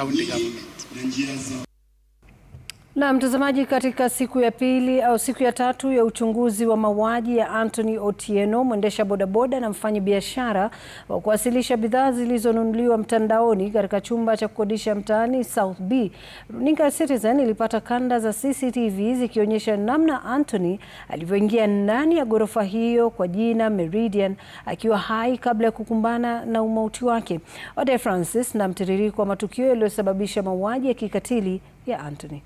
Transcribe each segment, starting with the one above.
county government. Na mtazamaji, katika siku ya pili au siku ya tatu ya uchunguzi wa mauaji ya Anthony Otieno, mwendesha bodaboda na mfanyi biashara wa kuwasilisha bidhaa zilizonunuliwa mtandaoni katika chumba cha kukodisha mtaani South B, runinga ya Citizen ilipata kanda za CCTV zikionyesha namna Anthony alivyoingia ndani ya ghorofa hiyo kwa jina Meridian akiwa hai kabla ya kukumbana na umauti wake. Ode Francis na mtiririko wa matukio yaliyosababisha mauaji ya kikatili ya Anthony.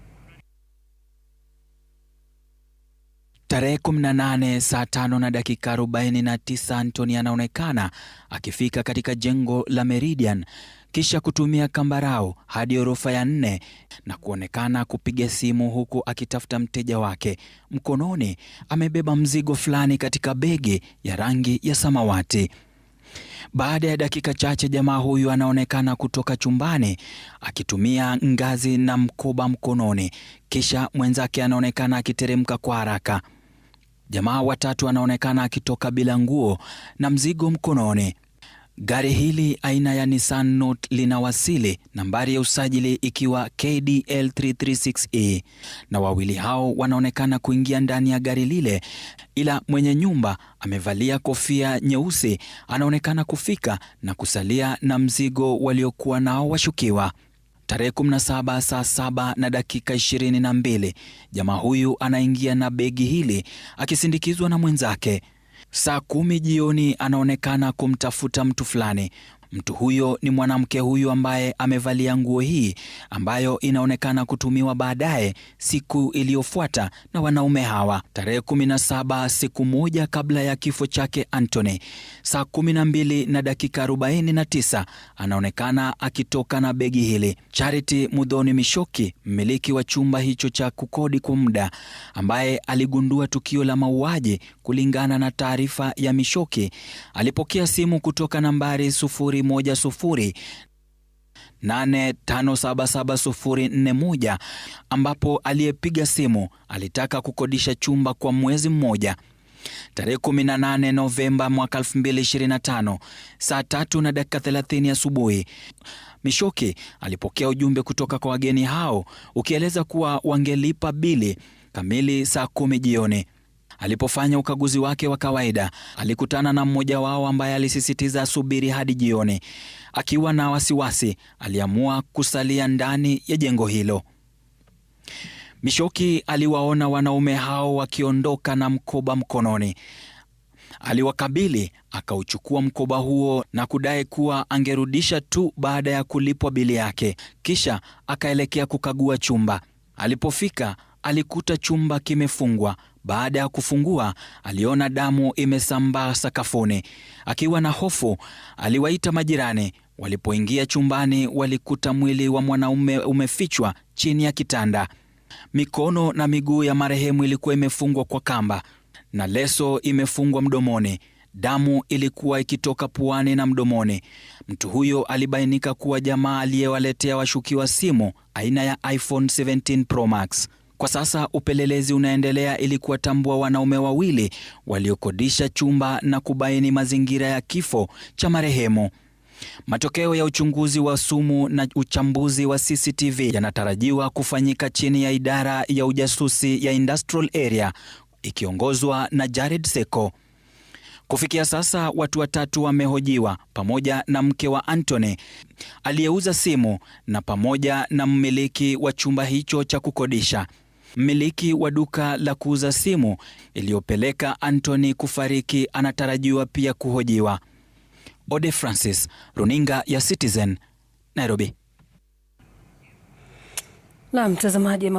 Tarehe 18 saa tano na dakika 49, Antony anaonekana akifika katika jengo la Meridian kisha kutumia kambarau hadi orofa ya nne na kuonekana kupiga simu huku akitafuta mteja wake. Mkononi amebeba mzigo fulani katika begi ya rangi ya samawati. Baada ya dakika chache, jamaa huyu anaonekana kutoka chumbani akitumia ngazi na mkoba mkononi, kisha mwenzake anaonekana akiteremka kwa haraka. Jamaa watatu anaonekana akitoka bila nguo na mzigo mkononi. Gari hili aina ya Nissan Note linawasili, nambari ya usajili ikiwa KDL 336E, na wawili hao wanaonekana kuingia ndani ya gari lile, ila mwenye nyumba amevalia kofia nyeusi anaonekana kufika na kusalia na mzigo waliokuwa nao washukiwa. Tarehe 17 saa saba na dakika 22, jamaa huyu anaingia na begi hili akisindikizwa na mwenzake. Saa kumi jioni anaonekana kumtafuta mtu fulani. Mtu huyo ni mwanamke huyu ambaye amevalia nguo hii ambayo inaonekana kutumiwa baadaye siku iliyofuata na wanaume hawa tarehe 17, siku moja kabla ya kifo chake Anthony, saa 12 na dakika 49 anaonekana akitoka na begi hili. Charity Mudhoni Mishoki, mmiliki wa chumba hicho cha kukodi kwa muda, ambaye aligundua tukio la mauaji, kulingana na taarifa ya Mishoki, alipokea simu kutoka nambari sufuri moja ambapo aliyepiga simu alitaka kukodisha chumba kwa mwezi mmoja. Tarehe 18 Novemba mwaka 2025 saa tatu na dakika 30 asubuhi, Mishoki alipokea ujumbe kutoka kwa wageni hao ukieleza kuwa wangelipa bili kamili saa kumi jioni. Alipofanya ukaguzi wake wa kawaida, alikutana na mmoja wao ambaye alisisitiza asubiri hadi jioni. Akiwa na wasiwasi, aliamua kusalia ndani ya jengo hilo. Mishoki aliwaona wanaume hao wakiondoka na mkoba mkononi. Aliwakabili, akauchukua mkoba huo na kudai kuwa angerudisha tu baada ya kulipwa bili yake. Kisha akaelekea kukagua chumba. Alipofika, alikuta chumba kimefungwa. Baada ya kufungua, aliona damu imesambaa sakafuni. Akiwa na hofu, aliwaita majirani. Walipoingia chumbani, walikuta mwili wa mwanaume umefichwa chini ya kitanda. Mikono na miguu ya marehemu ilikuwa imefungwa kwa kamba na leso imefungwa mdomoni. Damu ilikuwa ikitoka puani na mdomoni. Mtu huyo alibainika kuwa jamaa aliyewaletea washukiwa simu aina ya iPhone 17 Pro Max. Kwa sasa upelelezi unaendelea ili kuwatambua wanaume wawili waliokodisha chumba na kubaini mazingira ya kifo cha marehemu. Matokeo ya uchunguzi wa sumu na uchambuzi wa CCTV yanatarajiwa kufanyika chini ya idara ya ujasusi ya Industrial Area ikiongozwa na Jared Seko. Kufikia sasa watu watatu wamehojiwa pamoja na mke wa Anthony aliyeuza simu na pamoja na mmiliki wa chumba hicho cha kukodisha. Mmiliki wa duka la kuuza simu iliyopeleka Anthony kufariki anatarajiwa pia kuhojiwa. Ode Francis, runinga ya Citizen, Nairobi. Na mtazamaji